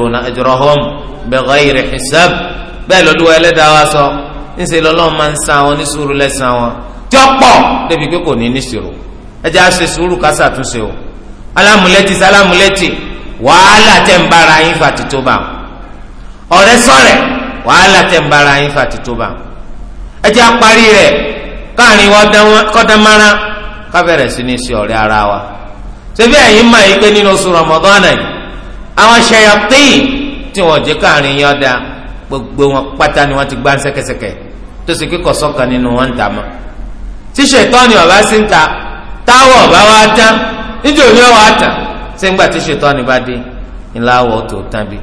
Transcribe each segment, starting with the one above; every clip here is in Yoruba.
yu'tuna ajrahum bighayri hisab bẹ́ẹ̀ lọ́dúnwọ́ ẹlẹ́dàá wa sọ ńṣe lọ́lọ́run máa ń san àwọn oníṣòro lẹ́sàn wọn tí ó pọ̀ débi pé kò ní níṣòro ẹ jẹ́ àṣẹ sùúrù ká ṣàtúnṣe o alámúlétì sálámúlétì wàhálà tẹ̀ ń bára yín fà tító bá ọ̀rẹ́ sọ̀rẹ́ wàhálà tẹ̀ ń bára yín fà tító bá ẹ jẹ́ àparí rẹ̀ káàrin kọ́dánmárán ká bẹ̀rẹ̀ sí ní ṣe ọ̀rẹ́ ara wa ṣé bí ẹ̀yin máa yí pé nínú oṣù Ramadan àwọn ṣayọ̀pín tí wọ́n jẹ́ káàrin yín ọdá gbogbo wọn pátá ni wọ́n ti gbá sẹ́kẹsẹ́kẹ tó sì kíkọ̀ sọ́kàn nínú wọn ń tí ṣètọ́ni sí ń ta táwọ̀ wa tán níjẹ́ òní tí bá dé ńlá wọ̀ tó tán bí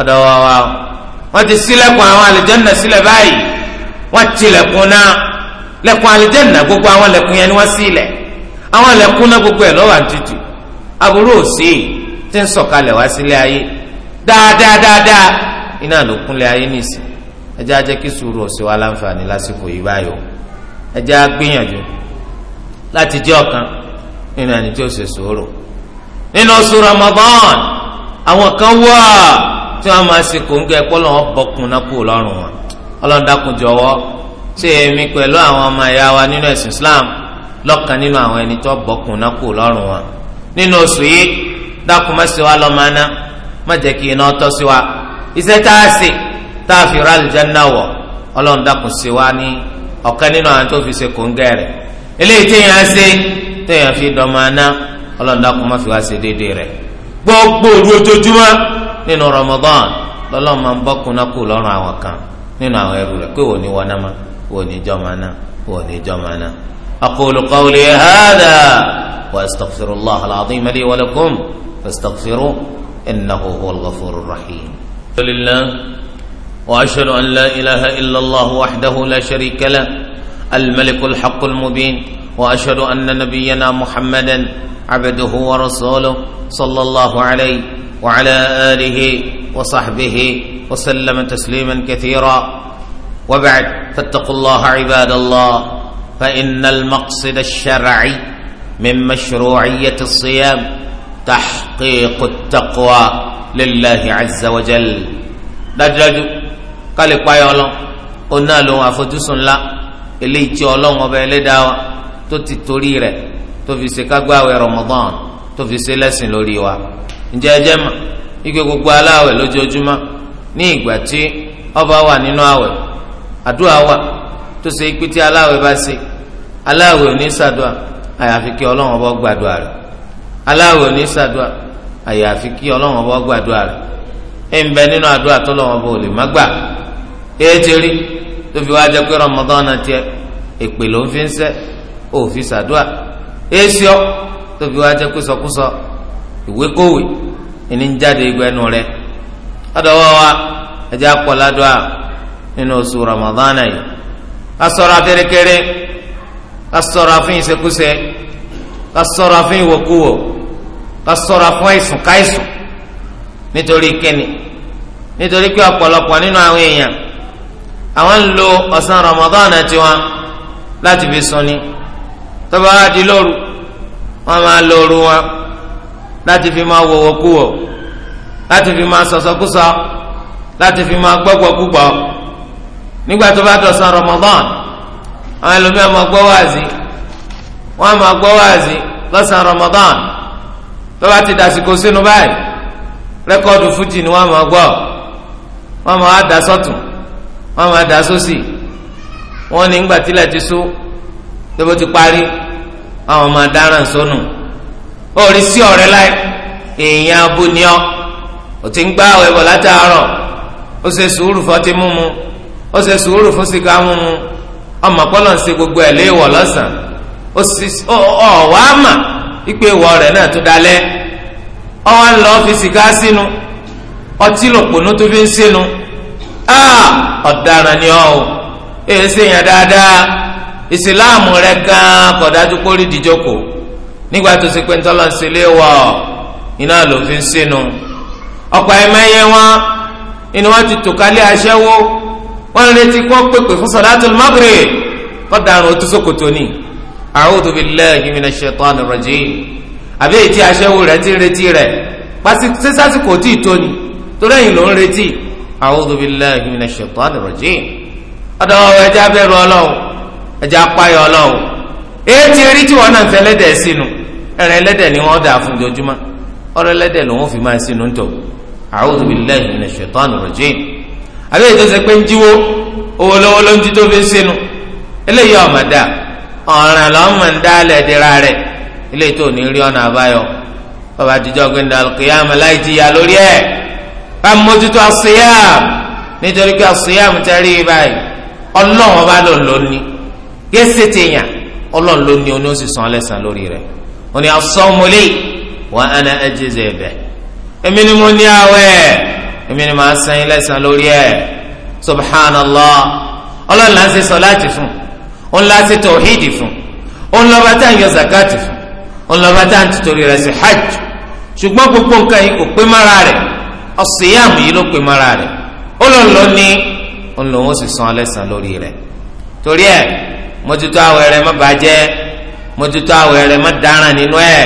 ọ̀dọ̀ wa wa wọ́n ti àwọn sílẹ̀ báyìí wọ́n náà gbogbo àwọn yẹn ni àwọn gbogbo ẹ̀ lọ́wọ́ àtútù tí ń sọ̀kalẹ̀ wá sílé ayé dáadáa iná ló kúnlẹ̀ ayé nìsí ẹjẹ́ ajẹ́ kí sùúrù ọ̀sẹ̀ wa láǹfààní lásìkò yìí báyọ̀ ẹjẹ́ agbìyànjú láti jẹ́ ọ̀kan nínú ẹni tí ó ṣe sùúrù nínú oṣù Ramadan àwọn kan wà tí wọ́n máa ṣe kòńgẹ́ pọ́lọ́ wọn bọ̀kùn náà kú lọ́rùn wọn Ọlọ́run dákun ṣé èmi pẹ̀lú àwọn ọmọ ẹ̀yà wa nínú ẹ̀sìn Islam lọ́kàn nínú àwọn ẹni tó náà kú lọ́rùn wọn dákun má ṣe wa lọ máa ná má jẹ́ kí iná tọ́ sí wa iṣẹ́ tá a ṣe tá a fi ra àlùjánnà wọ̀ ọlọ́run dákun ṣe wa ní ọ̀kan nínú àwọn tó fi ṣe kòńgẹ́ rẹ̀ eléyìí téèyàn ṣe téèyàn fi dọ̀ máa ná dákun má fi wa ṣe déédéé rẹ̀ gbogbo òru nínú Ramadan lọ́lọ́run máa ń bọ́kun náà kù lọ́rùn àwọn kan nínú àwọn ẹrù rẹ̀ pé wò ní wọná ma wò ní jọ́ máa wò ní jọ́ máa أقول قولي هذا وأستغفر الله العظيم لي ولكم فاستغفروا إنه هو الغفور الرحيم الحمد لله وأشهد أن لا إله إلا الله وحده لا شريك له الملك الحق المبين وأشهد أن نبينا محمدا عبده ورسوله صلى الله عليه وعلى آله وصحبه وسلم تسليما كثيرا وبعد فاتقوا الله عباد الله فإن المقصد الشرعي من مشروعية الصيام تحقيق التقوى لله عز وجل dájúdájú ká lè páyà Ọlọ́run ó náà lòun àfojúsùn ńlá eléyìí tí Ọlọ́run ọba Ẹlẹ́dàá wa tó ti torí rẹ̀ tó fi ṣe kágbáwé Ramadan tó fi ṣe lẹ́sìn lórí wa ǹjẹ́ ẹ jẹ́ mọ̀ ike gbogbo aláwẹ̀ lójoojúmọ́ ní ìgbà tí ọba wà nínú àwẹ̀ àdúrà wa tó ṣe ikú tí aláwẹ̀ bá ṣe ala ò ní ṣàdúà àyàfi kí ọlọ́run ọba gbàdúà rẹ̀ aláàwẹ̀ ò ní ṣàdúà àyàfi kí ọlọ́run ọba gbàdúà rẹ̀ ẹ̀ ń bẹ nínú àdúà tó lọ́wọ́ lè má gbà ti rí tó fi wá jẹ́ pé Ramadan náà tiẹ̀ èpè ló ń fi ń sẹ́ òfin ṣàdúà ẹ̀ ẹ́ sọ tó fi wá pé sọkúsọ ìwé kówè ẹni ń jáde igbó ẹnu wa ẹ̀jẹ̀ akpọ̀ nínú oṣù ká ṣọ́ra fún ìṣekúṣe ká ṣọ́ra fún ìwòkuwò ká ṣọ́ra fún àìsùn káìsùn nítorí kíni nítorí pé ọ̀pọ̀lọpọ̀ nínú àwọn èèyàn àwọn ń lo ọ̀sán Ramadan tiwọn láti fi sùn ni tó bá wá di lóru wọn máa lo wọn láti fi máa wòwò kúwò láti fi máa sọ̀sọ̀kúsọ láti fi máa gbọ́gbọ́ púpọ̀ nígbà tó bá dọ̀sán Ramadan. àwọn ẹlòmíràn máa gbọ́ wáàzì wọ́n máa gbọ́ wáàzì lọ́sàn-án Ramadan tó bá ti dàsìkò sínú báyìí rẹ́kọ́ọ̀dù fújì ni wọ́n máa gbọ́ wọ́n máa dà sọ́tún wọ́n máa dà sósì wọ́n ní ńgbà tílẹ̀ ti sú tó ti parí àwọn máa dáràn sónù orí sí ọ̀rẹ́ láì èèyàn abúniọ́ ò ń gbá àwọn ẹ̀bọ̀ látàárọ̀ ó ṣe sùúrù fún ọtí mímu ó ṣe sùúrù fún sìgá mímu ọmọ kọlọ ń ṣe gbogbo ẹ léèwọ̀ lọ́sàn ó sì ọ wá mà ipe ìwọ rẹ̀ náà tó dalẹ́ ọwọ ń lọ fi sìgá sínú ọtí lòpònú tó fi ń sínú ọ̀daràn ni ọ o èyí sèyàn dáadáa ìsìláàmù rẹ̀ gan kò dájú kó rí ìdíjókòó nígbà tó ṣe pé ntọ́lọ́ ń ṣe léèwọ̀ iná ló fi ń sínú ọ̀pọ̀ ẹ̀mẹ́yẹ wọn inú wọn ti tò kálé aṣẹ́wó wọ́n retí kí wọ́n pèpè fún salatul maghrib kọ́ dànù ó tún sókòtò ní. a'udhu billahi minash shaitanir rajim àbí èyí tí aṣẹ́wó rẹ̀ ti ń retí rẹ̀ pàṣẹ sásìkò tí ì tóni torí ẹ̀yìn ló ń retí a'udhu billahi minash shaitanir rajim. ọ̀dọ̀ ẹja bẹ̀rù ọlọ́run ẹja apáyọ ọlọ́run èyí ti rí tí wọ́n náà fẹ́ lẹ́dẹ̀ẹ́ sínú ẹ̀rẹ̀ àbí ètò ìsẹ pé ń jíwó owó lọ́wọ́ ló ń jí tó fi sínú eléyìí ọmọ dà ọ̀ràn lọ́mọ ń dálẹ̀ dira rẹ̀ eléyìí tó ní rí ọ̀nà àbáyọ bàbá àtijọ́ gbẹ̀ndà kìyàmù láì ti lórí ẹ̀ bá mójútó nítorí pé báyìí ló ní gẹ́sẹ̀ ló ní oní lẹ́sàn lórí rẹ̀ èmi ni màá san yín lẹ́san lórí ẹ̀ subhanallah ọlọ́run láti sọ láti fún òun láti tọ̀hídì fún òun lọ́ba tá à ń yọ zakati fún òun lọ́ba tá à ń tìtorí rẹ̀ sí hajj ṣùgbọ́n gbogbo nǹkan yìí kò pé mọ́ra rẹ̀ ọ̀sìyàmù yìí ló pé mọ́ra rẹ̀ ọlọ́run ló ní òun lòun ó sì san lẹ́san lórí rẹ̀ torí ẹ̀ mójútó àwẹ̀ rẹ̀ má bàjẹ́ mójútó àwẹ̀ rẹ̀ má dáràn nínú ẹ̀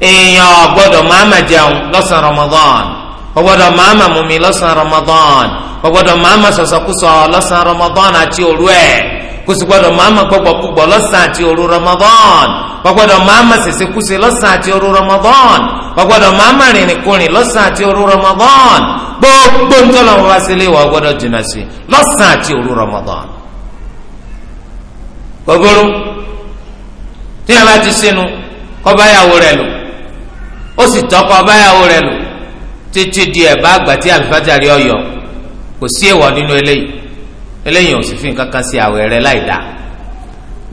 èèyàn gbọ́dọ̀ máa má jẹun lọ́sàn Ramadan ọgbọ́dọ̀ màmá mumi lọ́sàn Ramadan ọgbọ́dọ̀ màmá sọ̀sọ̀kúsọ lọ́sàn Ramadan àti òru ẹ̀ kòsì gbọ́dọ̀ màmá gbọgbọkúgbọ lọ́sàn àti òru Ramadan ọgbọ́dọ̀ màmá sèsekúse lọ́sàn àti òru Ramadan ọgbọ́dọ̀ màmá rìnrìnkùnrin lọ́sàn àti òru Ramadan gbogbo ntọ́lọ́ wọn bá sílé wa ọgbọ́dọ̀ jìnnà sí lọ́sàn àti òru Ramadan. gbogbo tí a bá ti sínú kọ́ báyàwó rẹ̀ lò ó sì tọ́ kọ́ báyàwó rẹ̀ lò títí di ẹ̀ bá àgbà tí àlùfáàtàrí ọ̀yọ́ kò sí èèwọ̀ nínú eléyìí eléyìí ò sì fi nǹkan sí àwẹ̀ rẹ láì dáa.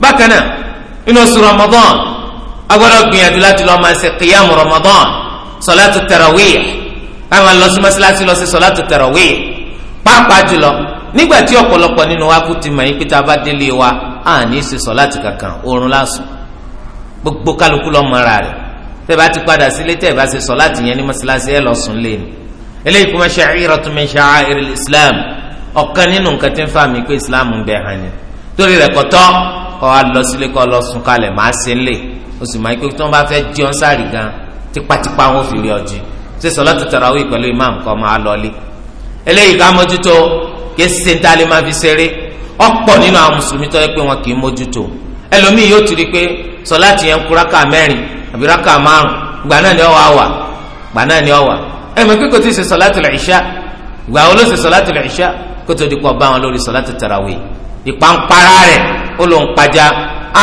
bákan náà nínú oṣù Ramadan a gbọ́dọ̀ gbìyànjú láti lọ́ọ́ máa ṣe kíyàmù Ramadan sọ̀látù tarawih káwọn lọ sí mọ́sálásí lọ sí sọ̀látù tarawih pàápàá jùlọ nígbà tí ọ̀pọ̀lọpọ̀ nínú wa kú ti mọ̀ yín pé tá a bá délé tẹ́ bá ti padà sílé tẹ́ bá ṣe sọ̀láàtì yẹn ní mọ́sálásí ẹ̀ lọ sùn lé ni eléyìí kuma sha'iratun min sha'airil islam ọ̀kan nínú nǹkan tí ń fà mí pé islam ń bẹ hàn ni torí rẹ̀ kọ́tọ́ kọ́ wa lọ sílé kọ́ lọ sùn kalẹ̀ máa ṣe ń lè o sì máa ń pé tí wọ́n bá fẹ́ jí ọ́n sáré gan tipátipá wọn fi rí ọjì ṣe sọ̀láàtì tarawih pẹ̀lú imam kọ́ máa lọ lé eléyìí ká mójútó kí ṣe ń tálé máa fi ṣeré ọ̀pọ̀ nínú àwọn mùsùlùmí tó yẹ yẹn kúrákà mẹ́rin àbí rákà márùn gbà náà ni ọ wà wà gbà náà ni ọ wà ẹ mọ̀ kíkò tí ì ṣe sọ̀látùl ìṣá gbà ó ló ṣe sọ̀látùl ìṣá kó tó di pọ̀ bá wọn lórí sọ̀látù tàràwì ìpàǹpara rẹ̀ ó ló ń pàjá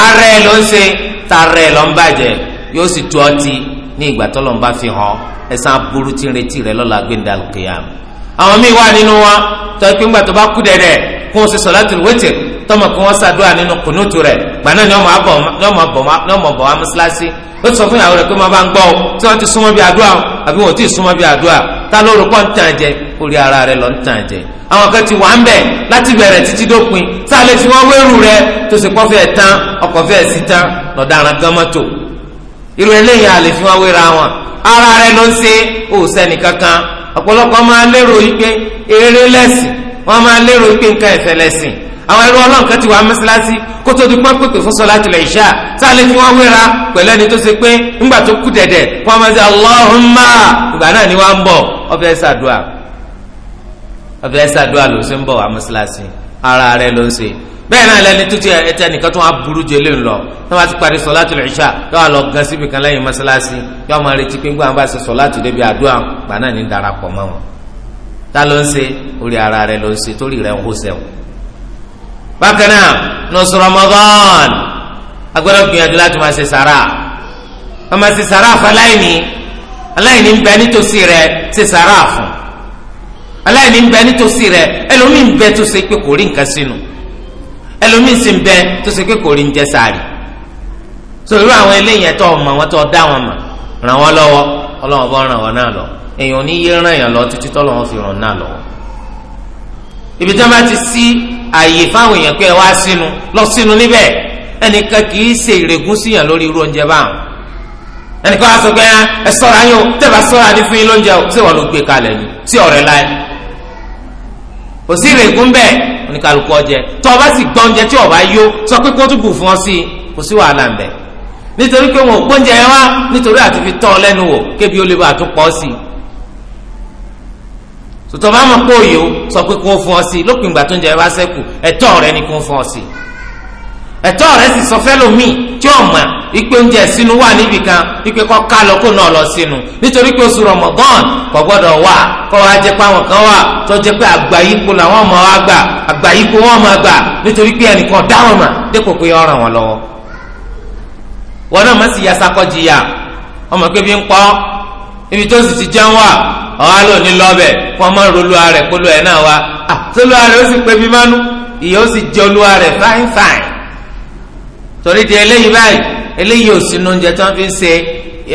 ara ẹ̀ ló ń ṣe tara ẹ̀ ló ń bàjẹ́ yóò sì tu ọtí ní ìgbà tó lọ́n bá fi hàn ẹ̀sán aburú tí ń retí rẹ̀ lọ́la gbẹ̀ndàlùkìyàm àwọn míì wà nínú wọn tó o ṣe tọmọ kí wọ́n ṣàdúrà nínú kùnúùtù rẹ̀ gbaná ni ọmọ bọ̀ wá mọ́ṣáláṣí ó sọ fún ìyàwó rẹ̀ pé máa bá ń gbọ́ ọ tí wọ́n ti súnmọ́ bí àdúrà àbí wọ́n ò tí ì súnmọ́ bí àdúrà ta ló rò pọ̀ ń tàn jẹ orí ara rẹ̀ lọ ń tàn jẹ àwọn kan ti wà ń bẹ̀ láti bẹ̀rẹ̀ títí dópin tá a lè fi wọ́n wéru rẹ̀ tó sì kọ́fẹ́ tán ọkọ̀ sí tán lọ́daràn gan mọ́tò irú eléyìí a lè fi wọ́n wéra wọn ara rẹ̀ ló ń ṣe òòsẹ́ni kankan ọ̀pọ̀lọpọ̀ máa lérò yìí pé eré lẹ́sìn wọ́n máa lérò yìí pé nǹkan ẹ̀fẹ̀ lẹ́sìn àwọn ẹrú ọlọ́run kan ti wà mọ́sálásí kó tó di pọ́n pèpè fún lè ṣá tá a lè fi wọ́n wéra pẹ̀lú ẹni tó ṣe pé ńgbà tó kú dẹ̀dẹ̀ kó wọ́n máa ṣe Allahumma ìgbà náà ni wọ́n ń bọ̀ ọbẹ̀ ṣàdúrà ọbẹ̀ ṣàdúrà ló ṣe ń bọ̀ wà mọ́sálásí ara rẹ̀ ló ń ṣe bẹ́ẹ̀ náà lẹni tó ti ẹtẹ nìkan tó wá burú jẹlé náà ti parí sọláàtì lè ṣá yọ àlọ́ gan síbi kan lẹ́yìn yọ máa retí ta ló ń ṣe orí ara ló bákan náà nọ̀sùn Ramadan agbọ́dọ̀ gbìyànjú láti máa ṣe sàrà máa ṣe sàrà fún aláìní aláìní ń bẹ nítòsí rẹ ṣe sàrà fún aláìní ń bẹ nítòsí rẹ ẹlòmíì ń bẹ tó ṣe pé kò rí nǹkan sínú ẹlòmíì sì ń bẹ tó ṣe pé kò rí ń jẹ so irú àwọn eléyìí ẹtọ ọmọ wọn tó dá wọn mọ ràn wọn lọ́wọ́ Ọlọ́run bọ ràn wọn náà lọ èèyàn ò ní yé ràn yàn lọ títí tỌlọ́run fi ràn náà lọ́wọ́ ibi tí wọn bá ti sí àyè fáwọn èèyàn pé ẹ wá sínú lọ sínú níbẹ̀ ẹnìkan kì í ṣe ìrègùn síyàn lórí irú oúnjẹ báwọn ẹnìkan wá sọ pé ah, ẹ ṣọ́ra yín o tẹ̀bà ṣọ́ra ní fún yín lóúnjẹ o ṣé wọn ló gbé kalẹ̀ ni sí ọ̀rẹ́ láì kò sí ìrègùn bẹ́ẹ̀ oníkàlùkù ọjẹ tó o bá sì gbọ́ oúnjẹ tí o bá yó sọ pé kó tún bù fún ọ sí i kò sí wàhálà ń bẹ̀ nítorí pé wọn ò gbóúnjẹ yẹn wá nítorí àti fi tọ́ ọ lẹ́nu wò kébi ó lè bá a sí i sọtọ bá mọ pé òye o sọ pé kó o fún ọ sí lópin ìgbà tó ń jẹ wá sẹ́kù ẹ̀tọ́ rẹ ni kó o fún ọ sí ẹ̀tọ́ rẹ sì sọ fẹ́lòmíì tí ò mọ̀ ipe oúnjẹ sínú wà níbi kan ipe kọ́ ká lọ kó náà lọ sínú nítorí pé oṣù Ramadan kò gbọ́dọ̀ wà kọ́ wa jẹ́ pé àwọn kan wà tó jẹ́ pé àgbáyípo làwọn ọmọ wa gbà àgbáyípo wọn máa gbà nítorí pé ẹnìkan dáhùn mà dépò pé ọ ràn wọn lọ́wọ́ wọn náà má sì yasakọ jìyà ọmọ pé bí ń pọ́ ibi tó sì ti jẹun wà ọ̀hán ló ní lọ́bẹ̀ kọ́ mọ́ ro olúwa rẹ̀ kó lu ẹ̀ náà wá tó olúwa rẹ̀ ó sì pé bí mánú ìyá ó sì jẹ olúwa rẹ̀ fáin fáin torí di eléyìí báyìí eléyìí ò sínú oúnjẹ tí wọ́n fi ń ṣe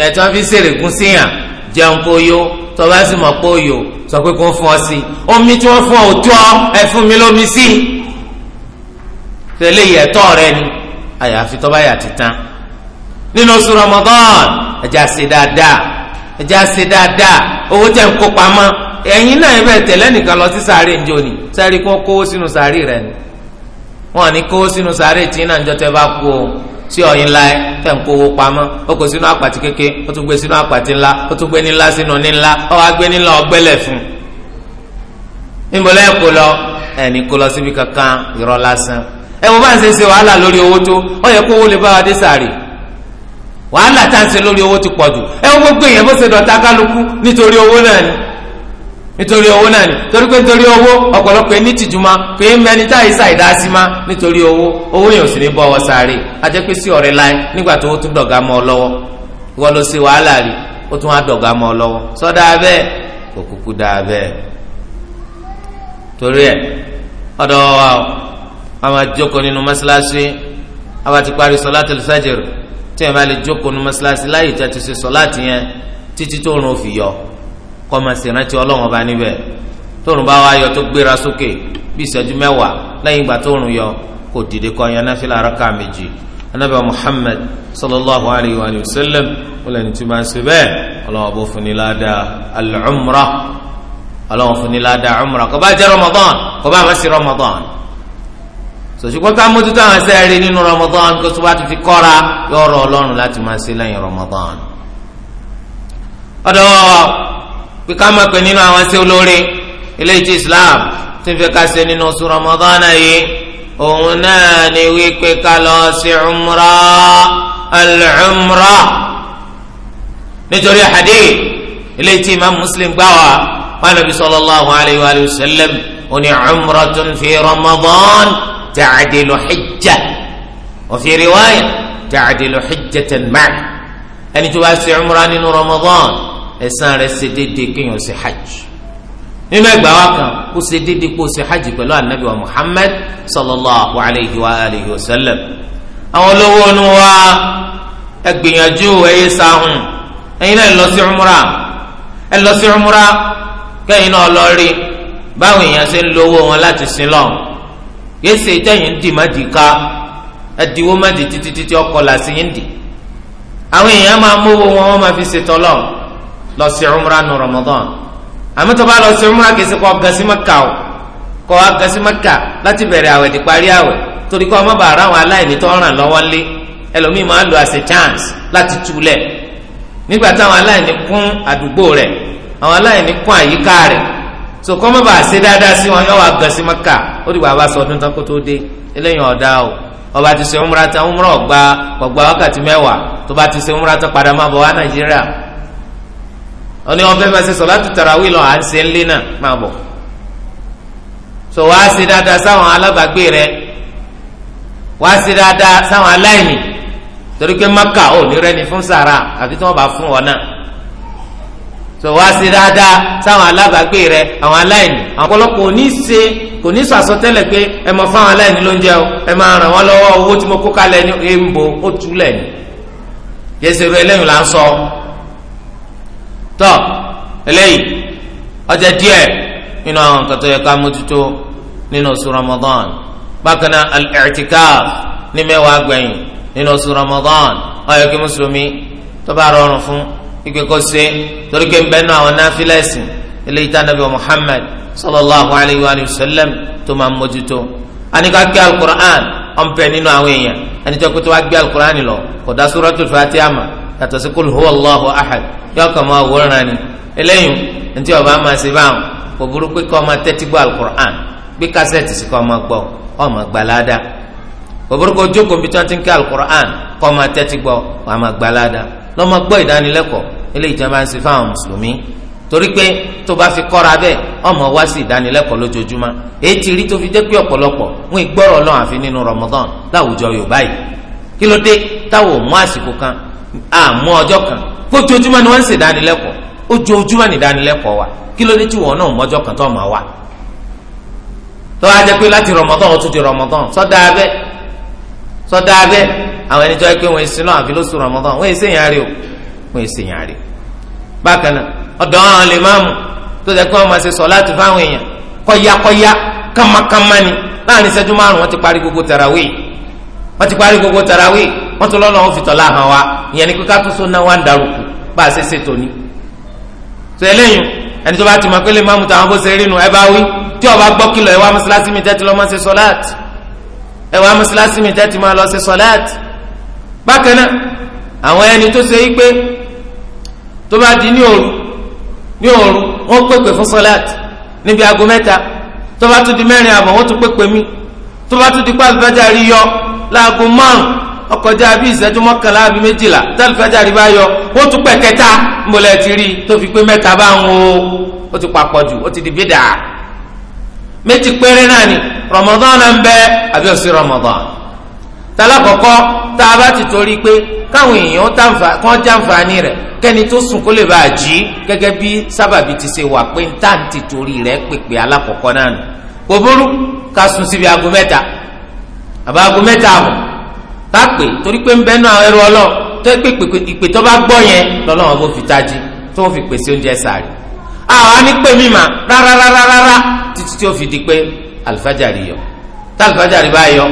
ẹ̀ tí wọ́n fi ń ṣe règùn síyàn jẹun kó yó tọ́ba sì mọ̀ pé òyò sọ pé kó fún ọ sí omi tí wọ́n fún ọ tó ẹ fún mi lómi sí tẹ́lẹ̀ ìyẹ̀tọ́ rẹ ni àyàfi tọ́ba yà ti tán nínú oṣù Ramadan ẹ̀jẹ̀ àṣẹ dáadáa ẹjẹ́ àṣẹ dáadáa owó tẹ̀ ń kó pamọ́ ẹ̀yin náà ẹ bẹ̀ nìkan lọ sí sàárè ńjọ ni sáré kó kówó sínú sàárè rẹ ni wọn ní kówó sínú sàárè tí náà ńjọ tẹ bá kú o sí ọ̀yin ńlá ẹ tẹ̀ ń kówó pamọ́ ó kó sínú àpàtì kéke ó tún gbé sínú àpàtì ńlá ó tún gbé nílá sínú wá gbé fún un níbo wàhálà tá à ń ṣe lórí owó ti pọ̀ jù ẹ wọ́n gbogbo èèyàn bó ṣe dọ̀tá kálukú nítorí owó náà ni nítorí owó náà ni torí pé nítorí ma pé mẹni tá ìsà ma nítorí owó owó yẹn ò sì ní bọ́ ọ sáré ajẹ́ pé sí ọ̀rẹ́ nígbà tó tún dọ̀gá mọ́ ọ lọ́wọ́ wọ́n lọ sí wàhálà rí ó tún wá máa jókòó nínú mọ́ṣáláṣí tí ẹ bá lè jókòó nu mọ́ṣáláṣí láyé tí a ti ṣe sọ láti yẹn títí tó rùn òfì yọ kọ́ máa ṣe rántí ọlọ́run ọba níbẹ̀ tó rùn bá wá yọ tó gbéra sókè bí ìṣẹ́jú mẹ́wàá lẹ́yìn ìgbà tó rùn yọ kò dìde kọ́ yan náà fìlà araka méjì anabi muhammad sallallahu alayhi wa sallam wọ́n lẹ́ni tí máa ṣe bẹ́ẹ̀ ọlọ́run bó fún ni ládàá al-umrah ọlọ́run fún ni ládàá bá jẹ́ ramadan kò bá má sí ramadan sòṣùpọ̀ ká mójútó àwọn ẹsẹ̀ rí nínú Ramadan kó tó bá ti fi kọ́ra yóò rọ Ọlọ́run láti máa ṣe lẹ́yìn Ramadan. ọ̀dọ̀ pé ká máa pè nínú àwọn ẹsẹ̀ olóore eléyìí ti Islam tí ń fẹ́ ká ṣe nínú oṣù Ramadan yìí òun náà ni wípé ká lọ sí umra al nítorí hadith eléyìí tí Imam Muslim gbà wá wọn Nabi sallallahu alayhi wa sallam ó ní umratun fi Ramadan. تعدل حجة وفي رواية تعدل حجة معك ẹni tó bá ṣe umra nínú Ramadan ẹ̀san rẹ̀ ṣe déédéé kéèyàn ṣe hajj nínú ẹgbàá wa kan kó ṣe déédéé kó ṣe hajj pẹ̀lú anabi wa Muhammad sallallahu alayhi wa alayhi wa sallam àwọn olówó inú wa ẹ gbìyànjú ẹyẹ sáhùn ẹ̀yin náà lọ sí umra ẹ lọ sí umra kẹ́yìn náà lọ rí báwọn èèyàn ṣe ń lówó wọn láti sin lọ́hùn yéésì ìtẹ̀yìn ń dì má dì ká ẹ̀dínwó má dì títí títí ọkọ̀ làásì yín dì àwọn èèyàn máa mówó wọn wọn máa fi ṣètò lọ lọ sí umra nu Ramadan àmọ́ tó lọ sí umra kìí ṣe kọ́ ọ̀gá sí Mẹ́kà o kọ́ ọ̀gá sí Mẹ́kà láti bẹ̀rẹ̀ àwẹ̀ di parí àwẹ̀ torí kọ́ ọmọ bàárà àwọn aláìní tó ràn lọ́wọ́ lé ẹlòmíì máa lò as a chance láti túlẹ̀ nígbà táwọn aláìní kún àdúgbò rẹ̀ àwọn aláìní kún àyíká rẹ̀ so kọ́ mọ́ bá a ṣe dáadáa sí wọn yọ wá gan sí maka ó dìgbà bá sọ ọdún tán kó tó dé eléyìí ọ̀dà o ọba ti ṣe umra tán umra ọ̀gbà ọ̀gbà wákàtí mẹ́wàá tó bá ti ṣe umra tán padà máa bọ̀ wá nàìjíríà ó ní wọn fẹ́ fẹ́ ṣe sọ̀látù tarawí lọ à ń ṣe ńlẹ́ náà máa bọ̀ so wàá ṣe dáadáa sáwọn alábàágbé rẹ wàá ṣe dáadáa sáwọn aláìní torí pé maka ò ní rẹ́ni fún sàrà àfi tí wọ́n bá fún wọn náà so wá sí dáadáa sáwọn alábàágbé rẹ àwọn aláìní àwọn ọ̀pọ̀lọpọ̀ òní ṣe kò ní sọ àsọtẹ́lẹ̀ pé ẹ máa fáwọn aláìní ló ń jẹ o ẹ máa ràn wọ́n lọ́wọ́ owó tí mo kó kalẹ̀ ní èèmbo ó túlẹ̀ ní yẹsẹ̀ rẹ eléyìí là ń sọ eléyìí ọjà nínú àwọn nǹkan tó yẹ ká mójútó nínú oṣù Ramadan bákan náà al ní nínú oṣù Ramadan kí mùsùlùmí tó bá rọrùn fún ike kó ṣe torí pé nbẹ náà àwọn náfìlẹ́sì eléyìí tá nàbẹ Muhammad sallallahu alayhi wa sallam tó máa mójútó anikakẹ́ alukur'an ọ̀npẹ nínú àwọn èèyàn anitọ́ pé tó wá gbé alukur'an lọ kò dá suratul Fatiha mà yàtọ̀ sí kul huwa Allahu ahad yọ kàn máa wúrọ̀ ni eléyìí ntí ọba máa ṣe báwọn kò burú pé kọ́ máa tẹ́tí gbọ́ alukur'an gbé kásẹ̀tì sí kọ́ máa gbọ́ ọ́ máa gbalada kò burú kó jókòó bí tí wọ́n ti ń kí alukur'an kọ́ máa tẹ́tí gbọ́ wàá máa gbalada lọ́mọ gbọ́ ìdánilẹ́kọ̀ọ́ eléyìí tí wọ́n bá ń ṣe fáwọn mùsùlùmí torí pé tó bá fi kọ́ra bẹ́ẹ̀ ọmọ wá sí ìdánilẹ́kọ̀ọ́ lójoojúmọ́ èyí rí tó fi jẹ́ pé ọ̀pọ̀lọpọ̀ wọn ìgbọ́rọ̀ Ọlọ́run àfi nínú Ramadan láwùjọ Yorùbá yìí kí ló dé táwọn ò mú àsìkò kan àmú ọjọ́ kan kójoojúmọ́ ni wọ́n ń ṣe ìdánilẹ́kọ̀ọ́ ojoojúmọ́ ni ìdánilẹ́kọ̀ọ́ wa kí ló dé tí wọn náà mú ọjọ́ kan tó Ramadan ó tún Ramadan sọ́dá abẹ́ sọ́dá abẹ́ àwọn ẹni tó yẹ pé wọn èsì náà àfi lóṣù Ramadan wọn èsì yàrá o wọn èsì yàrá o bákan náà ọ̀dọ̀ àwọn lè máa mú tó jẹ́ pé wọ́n máa ṣe sọ̀láàtì fáwọn èèyàn kọ́yákọ́yá kámákámá ni láàrin ìṣẹ́jú márùn wọ́n ti parí gbogbo tarawih wọ́n ti parí gbogbo tarawih wọ́n tún lọ́nà òun fìtọ̀ láhàn wa ìyẹn ni kíkà tún sọ́nà wa ń darúkú bá a ṣe ṣe tòní. sọ eléyìí ẹni tó bá ti mọ̀ pé lè máa mú tàwọn bó ṣe rí nu ẹ bá wí tí ọba gbọ́ kìlọ̀ ẹ wá mọ́ṣáláṣí mi tẹ́tí lọ́ máa ṣe sọ̀láàtì ẹ wá mọ́ṣáláṣí mi tẹ́tí máa lọ ṣe sọ̀láàtì bákan náà àwọn ẹni tó ṣe wípé tó bá di ní òru ní òru wọ́n pèpè fún sọláàtì níbi aago mẹ́ta tó bá tún di mẹ́rin àbọ̀ wọ́n tún pèpè mí tó bá tún di yọ láago márùn ọkọjá bí ìṣẹ́jú mọ́kànlá àbí méjìlá tálùfájàrí bá yọ wọ́n tún pẹ̀ kẹta ti rí tó fi pé mẹ́ta bá ń wo ó ti papọ̀ jù ó ti di bídà talakọ̀kọ́ tá a bá ti torí pé káwọn èèyàn kan jàǹfààní rẹ̀ kẹ́ni tó sùn kó lè bá a jí gẹ́gẹ́ bí sábàbí ti ṣe wà pé tá à ń ti torí rẹ̀ pèpè alákọ̀ọ́kọ́ náà nù kò burú ká sùn síbi aago mẹ́ta àbá aago mẹ́ta àbọ̀ ká pè torí pé ń bẹ́nu àwọn ẹrú ọlọ́ tó pé ìpè tó bá gbọ́ yẹn lọ́lọ́wọ́n bó fi tají tó fi pèsè oúnjẹ sààrì àwọn anípèmí mà rárárárárá títí tí ó fi di pé àlùfájàrí yọ tá àlùfájàrí bá yọ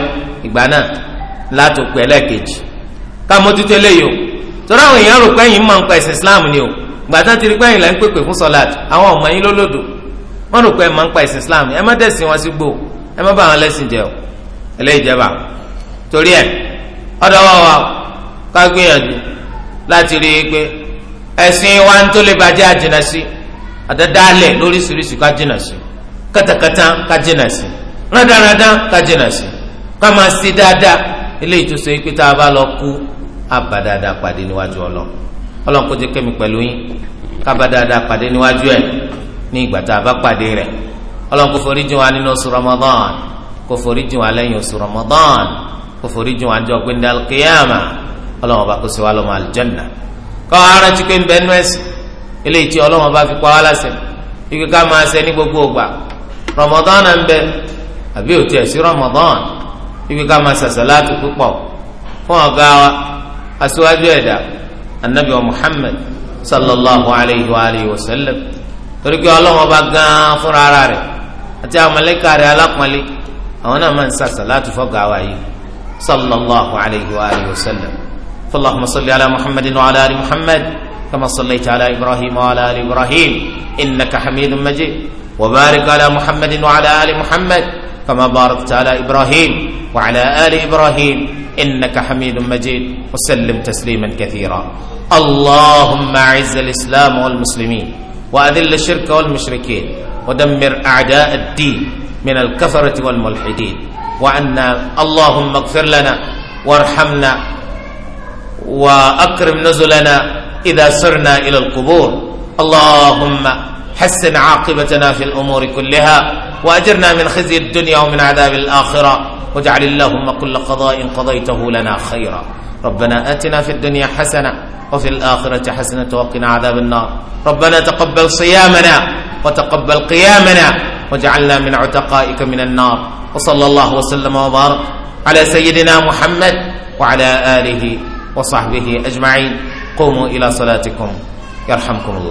ìgbà náà láti òpè ẹlẹ́ẹ̀kejì ká mójútó eléyìí o torí àwọn èèyàn rò pé ẹ̀yin máa ń pa ẹ̀sìn Islam ni o gbàtà ti rí pé ẹ̀yin là ń pèpè fún sọ́láàtì àwọn ọmọ yín lólòdò wọ́n rò pé ẹ̀ máa ń pa ẹ̀sìn Islam ẹ má dẹ̀sìn wọn sí gbò ẹ má bá wọn lẹ́sìn jẹ o eléyìí jẹba torí ẹ ọ̀dọ̀ wa wa ká gbìyànjú láti rí i pé ẹ̀sìn wa ń tó lè bàjẹ́ àjìnà sí àdádálẹ̀ lóríṣiríṣi ká eléyìí tó ṣe pé tá a bá lọ kú abàdàdà pàdé níwájú ọlọ Ọlọ́run kó jẹ kẹmi pẹ̀lú yín kábàdàdà pàdé níwájú ẹ ní ìgbà tá a bá pàdé rẹ Ọlọ́run kó forí jìn wá nínú oṣù Ramadan kó forí jìn wá lẹ́yìn oṣù Ramadan kó forí jìn wá ní gbẹndé alkiyama Ọlọ́run ọba kó ṣe wá lọmọ aljanna kọ ara ti pé nbẹ nú ẹsìn eléyìí tí Ọlọ́run ọba fi pa wá láṣẹ ike ká máa ṣe ní gbogbo ògbà Ramadan náà ń bẹ àbí òtí ẹ̀ sí Ramadan ikú ká máa sàṣàlátù púpọ̀ fún ọ̀gá wa aṣíwájú ẹ̀dá anabi wa muhammed sallallahu alayhi wa alayhi wa sallam torí pé ọlọ́wọ́n bá gán fúnra ara rẹ̀ àti àmàlẹ́kà rẹ̀ alápọ̀nlé àwọn náà máa ń sàṣàlátù fọ́gá wa yìí sallallahu alayhi wa alayhi wa sallam fallahumma salli ala muhammadin wa ala ali muhammad kama sallaita ala ibrahim wa ala ibrahim innaka hamidun majid wa barik ala muhammadin wa ala ali muhammad kama barakta ala ibrahim. وعلى آل إبراهيم إنك حميد مجيد وسلم تسليما كثيرا اللهم أعز الإسلام والمسلمين وأذل الشرك والمشركين ودمر أعداء الدين من الكفرة والملحدين وأن اللهم اغفر لنا وارحمنا وأكرم نزلنا إذا سرنا إلى القبور اللهم حسن عاقبتنا في الأمور كلها وأجرنا من خزي الدنيا ومن عذاب الآخرة واجعل اللهم كل قضاء قضيته لنا خيرا ربنا آتنا في الدنيا حسنة وفي الآخرة حسنة وقنا عذاب النار ربنا تقبل صيامنا وتقبل قيامنا واجعلنا من عتقائك من النار وصلى الله وسلم وبارك على سيدنا محمد وعلى آله وصحبه أجمعين قوموا إلى صلاتكم يرحمكم الله